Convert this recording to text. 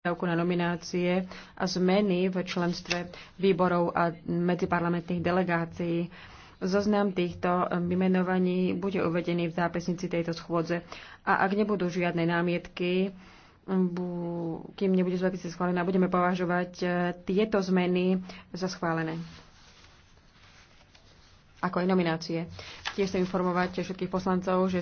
požiadavku na nominácie a zmeny v členstve výborov a medziparlamentných delegácií. Zoznam týchto vymenovaní bude uvedený v zápisnici tejto schôdze a ak nebudú žiadne námietky, kým nebude zápisnica schválená, budeme považovať e, tieto zmeny za schválené ako aj nominácie. Tiež chcem informovať všetkých poslancov, že